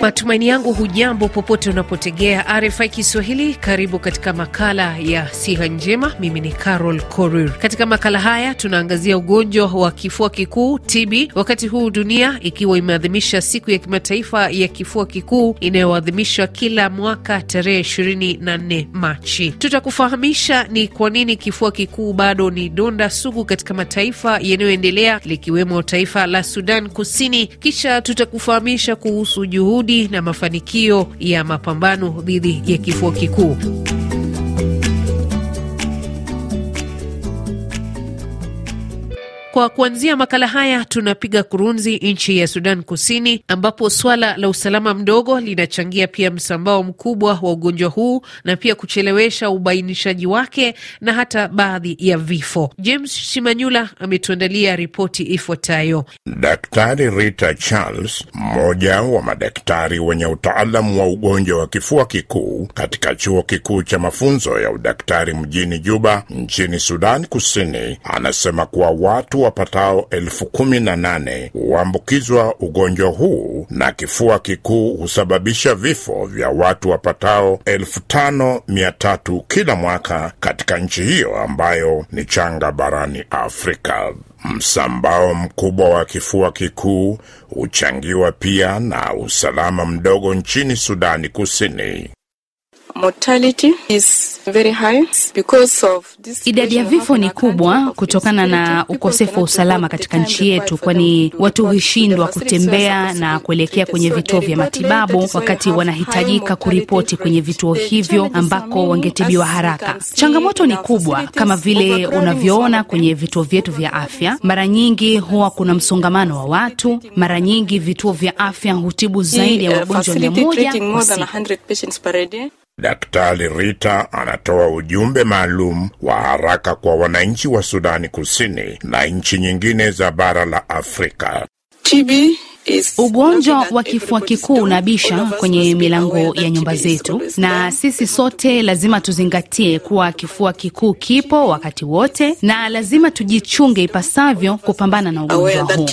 Matumaini yangu hujambo popote unapotegea RFI Kiswahili. Karibu katika makala ya siha njema. Mimi ni Carol Korir. Katika makala haya tunaangazia ugonjwa wa kifua kikuu TB, wakati huu dunia ikiwa imeadhimisha siku ya kimataifa ya kifua kikuu inayoadhimishwa kila mwaka tarehe 24 Machi. Tutakufahamisha ni kwa nini kifua kikuu bado ni donda sugu katika mataifa yanayoendelea likiwemo taifa la Sudan Kusini, kisha tutakufahamisha kuhusu juhudi juhudi na mafanikio ya mapambano dhidi ya kifua kikuu. Kwa kuanzia makala haya tunapiga kurunzi nchi ya Sudan Kusini, ambapo swala la usalama mdogo linachangia pia msambao mkubwa wa ugonjwa huu na pia kuchelewesha ubainishaji wake na hata baadhi ya vifo. James Shimanyula ametuandalia ripoti ifuatayo. Daktari Rita Charles, mmoja wa madaktari wenye utaalamu wa ugonjwa wa kifua kikuu katika chuo kikuu cha mafunzo ya udaktari mjini Juba nchini Sudan Kusini, anasema kuwa watu wapatao elfu kumi na nane huambukizwa ugonjwa huu na kifua kikuu husababisha vifo vya watu wapatao elfu tano mia tatu kila mwaka katika nchi hiyo ambayo ni changa barani Afrika. Msambao mkubwa wa kifua kikuu huchangiwa pia na usalama mdogo nchini Sudani Kusini. Idadi ya vifo ni kubwa kutokana na ukosefu wa usalama katika nchi yetu, kwani watu hushindwa kutembea na kuelekea kwenye vituo vya matibabu wakati wanahitajika kuripoti kwenye vituo hivyo ambako wangetibiwa haraka. Changamoto ni kubwa kama vile unavyoona kwenye vituo vyetu vya afya. Mara nyingi huwa kuna msongamano wa watu. Mara nyingi vituo vya afya hutibu zaidi ya wagonjwa mia moja Daktari Rita anatoa ujumbe maalum wa haraka kwa wananchi wa Sudani Kusini na nchi nyingine za bara la Afrika. TB Ugonjwa wa kifua kikuu unabisha kwenye milango ya nyumba zetu, na sisi sote lazima tuzingatie kuwa kifua kikuu kipo wakati wote, na lazima tujichunge ipasavyo kupambana na ugonjwa huu.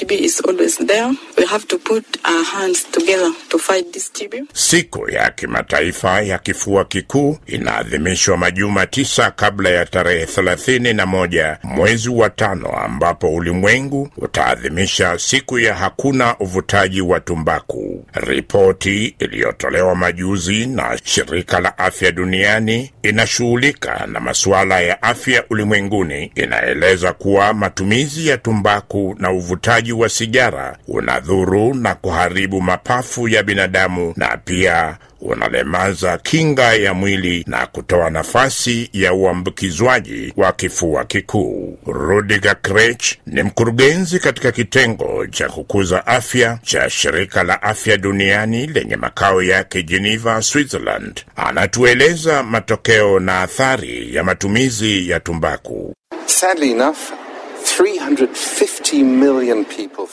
Siku ya kimataifa ya kifua kikuu inaadhimishwa majuma tisa kabla ya tarehe thelathini na moja mwezi wa tano ambapo ulimwengu utaadhimisha siku ya hakuna uvu uvutaji wa tumbaku. Ripoti iliyotolewa majuzi na shirika la afya duniani inashughulika na masuala ya afya ulimwenguni inaeleza kuwa matumizi ya tumbaku na uvutaji wa sigara unadhuru na kuharibu mapafu ya binadamu na pia unalemaza kinga ya mwili na kutoa nafasi ya uambukizwaji wa kifua kikuu. rudiga Krech ni mkurugenzi katika kitengo cha kukuza afya cha shirika la afya duniani lenye makao yake Geneva, Switzerland. Anatueleza matokeo na athari ya matumizi ya tumbaku. Sadly enough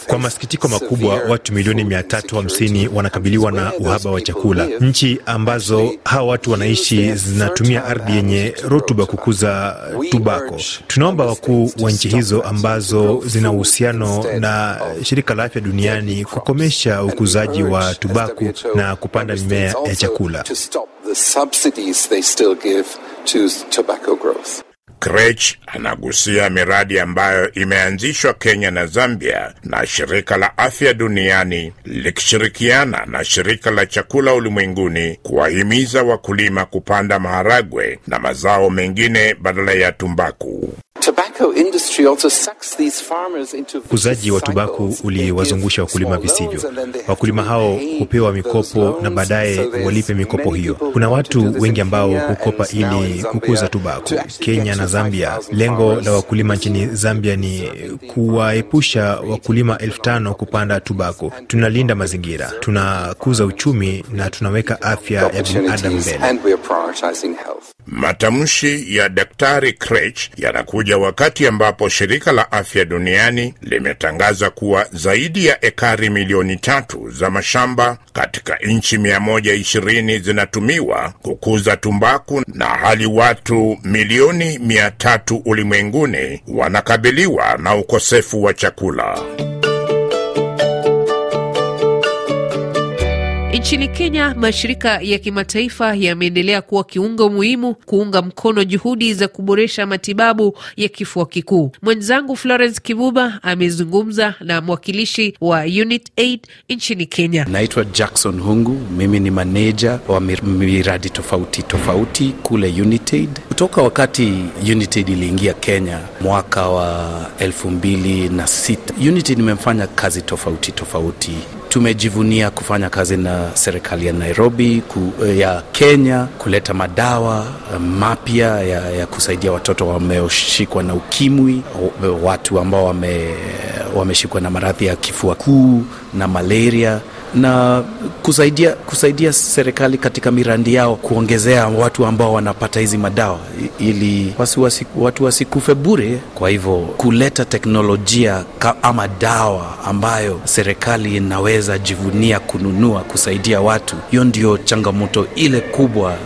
kwa masikitiko makubwa, watu milioni 350 wanakabiliwa na uhaba wa chakula. Nchi ambazo hawa watu wanaishi zinatumia ardhi yenye rutuba kukuza tubako. Tunaomba wakuu wa nchi hizo ambazo zina uhusiano na shirika la afya duniani kukomesha ukuzaji wa tubaku na kupanda mimea ya chakula. Krech anagusia miradi ambayo imeanzishwa Kenya na Zambia na shirika la afya duniani likishirikiana na shirika la chakula ulimwenguni kuwahimiza wakulima kupanda maharagwe na mazao mengine badala ya tumbaku. Uzaji wa tumbaku uliwazungusha wakulima visivyo. Wakulima hao hupewa mikopo na baadaye walipe mikopo hiyo. Kuna watu wengi ambao hukopa ili kukuza tumbaku. Kenya na Zambia, lengo la wakulima nchini Zambia ni kuwaepusha wakulima elfu tano kupanda tumbaku. Tunalinda mazingira, tunakuza uchumi na tunaweka afya ya binadamu mbele. Matamshi ya Daktari Krech yanakuja wakati ambapo shirika la afya duniani limetangaza kuwa zaidi ya ekari milioni tatu za mashamba katika nchi 120 zinatumiwa kukuza tumbaku na hali watu milioni tatu ulimwenguni wanakabiliwa na ukosefu wa chakula. Nchini Kenya, mashirika ya kimataifa yameendelea kuwa kiungo muhimu kuunga mkono juhudi za kuboresha matibabu ya kifua kikuu. Mwenzangu Florence Kibuba amezungumza na mwakilishi wa Unit Aid nchini Kenya. Naitwa Jackson Hungu, mimi ni maneja wa miradi tofauti tofauti kule Unit Kutoka wakati Unit iliingia Kenya mwaka wa elfu mbili na sita, Unit Aid imefanya kazi tofauti tofauti tumejivunia kufanya kazi na serikali ya Nairobi ku, eh, ya Kenya kuleta madawa eh, mapya ya, ya kusaidia watoto wameoshikwa na ukimwi, watu ambao wameshikwa na maradhi ya kifua kuu na malaria na kusaidia, kusaidia serikali katika mirandi yao kuongezea watu ambao wanapata hizi madawa ili wasi wasi, watu wasikufe bure. Kwa hivyo kuleta teknolojia ama dawa ambayo serikali inaweza jivunia kununua kusaidia watu, hiyo ndio changamoto ile kubwa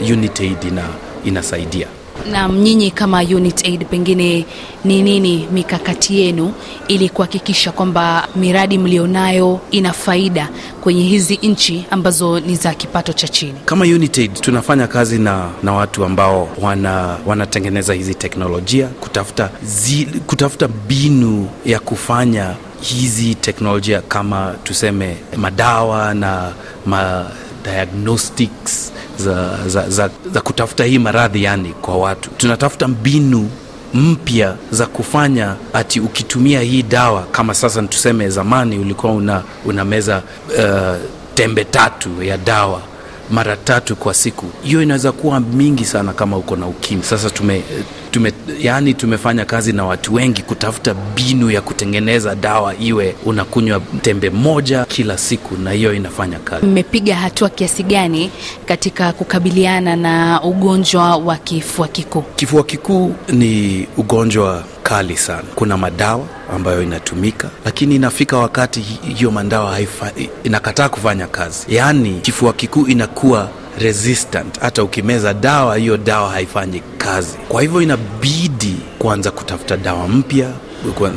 uh, UNITAID ina, inasaidia. Na nyinyi kama Unit Aid, pengine ni nini mikakati yenu ili kuhakikisha kwamba miradi mlionayo ina faida kwenye hizi nchi ambazo ni za kipato cha chini? Kama Unit Aid tunafanya kazi na, na watu ambao wana, wanatengeneza hizi teknolojia kutafuta, zi, kutafuta mbinu ya kufanya hizi teknolojia kama tuseme madawa na ma diagnostics za, za, za, za kutafuta hii maradhi yani kwa watu. Tunatafuta mbinu mpya za kufanya ati ukitumia hii dawa kama sasa tuseme, zamani ulikuwa una, meza uh, tembe tatu ya dawa mara tatu kwa siku, hiyo inaweza kuwa mingi sana kama uko na ukimwi. Sasa tume tume, yani tumefanya kazi na watu wengi kutafuta binu ya kutengeneza dawa iwe unakunywa tembe moja kila siku, na hiyo inafanya kazi. Mmepiga hatua kiasi gani katika kukabiliana na ugonjwa wa kifua kikuu? Kifua kikuu ni ugonjwa kali sana. Kuna madawa ambayo inatumika, lakini inafika wakati hiyo madawa inakataa kufanya kazi, yaani kifua kikuu inakuwa resistant. Hata ukimeza dawa, hiyo dawa haifanyi kazi. Kwa hivyo inabidi kuanza kutafuta dawa mpya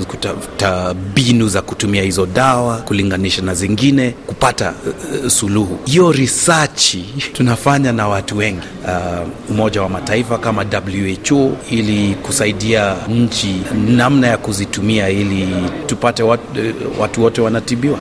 kutafuta mbinu za kutumia hizo dawa kulinganisha na zingine kupata uh, suluhu. Hiyo risachi tunafanya na watu wengi uh, Umoja wa Mataifa kama WHO ili kusaidia nchi namna ya kuzitumia ili tupate watu, uh, eh, watu wote wanatibiwa.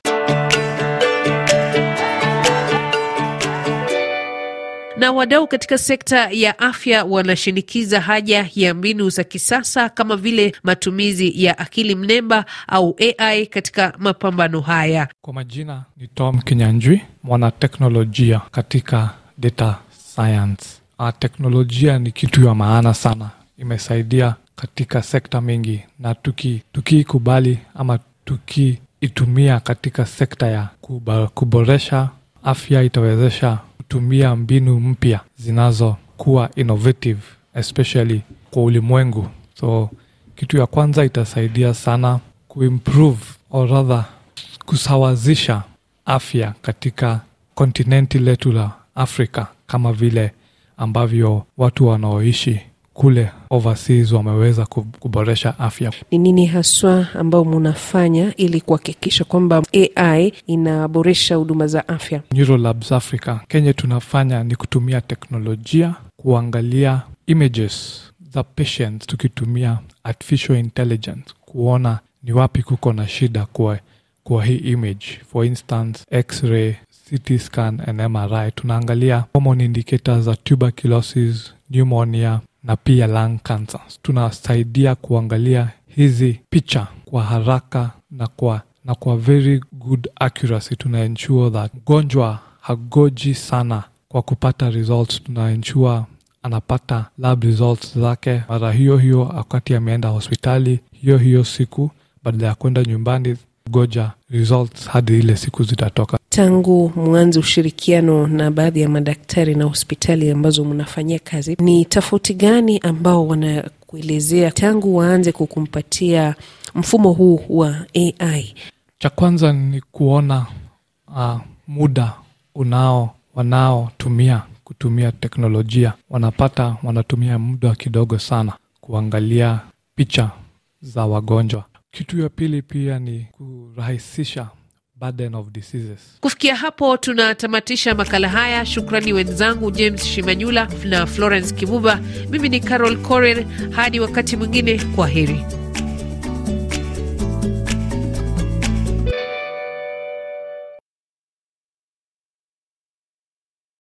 Na wadau katika sekta ya afya wanashinikiza haja ya mbinu za kisasa kama vile matumizi ya akili mnemba au AI katika mapambano haya. Kwa majina ni Tom Kinyanjwi, mwanateknolojia katika data science. A, ah, teknolojia ni kitu ya maana sana, imesaidia katika sekta mingi, na tukiikubali tuki ama tukiitumia katika sekta ya kuba, kuboresha afya itawezesha kutumia mbinu mpya zinazokuwa innovative especially kwa ulimwengu. So kitu ya kwanza itasaidia sana kuimprove or rather kusawazisha afya katika kontinenti letu la Afrika kama vile ambavyo watu wanaoishi kule overseas wameweza kuboresha afya. Ni nini haswa ambayo munafanya ili kuhakikisha kwamba AI inaboresha huduma za afya? Neurolabs Africa kenye tunafanya ni kutumia teknolojia kuangalia images za patients tukitumia artificial intelligence kuona ni wapi kuko na shida kwa, kwa hii image, for instance x-ray, CT scan and MRI. Tunaangalia common indicators za tuberculosis, pneumonia na pia lung cancer. Tunasaidia kuangalia hizi picha kwa haraka na kwa, na kwa very good accuracy. Tuna ensure that mgonjwa hagoji sana kwa kupata results. Tuna ensure anapata lab results zake mara hiyo hiyo wakati ameenda hospitali hiyo hiyo siku, badala ya kwenda nyumbani goja results hadi ile siku zitatoka tangu mwanze ushirikiano na baadhi ya madaktari na hospitali ambazo mnafanyia kazi, ni tofauti gani ambao wanakuelezea tangu waanze kukumpatia mfumo huu wa AI? Cha kwanza ni kuona uh, muda unao wanaotumia kutumia teknolojia, wanapata wanatumia muda kidogo sana kuangalia picha za wagonjwa. Kitu ya pili pia ni kurahisisha burden of diseases. Kufikia hapo tunatamatisha makala haya. Shukrani wenzangu James Shimanyula na Florence Kibuba. Mimi ni Carol Corel. hadi wakati mwingine, kwa heri.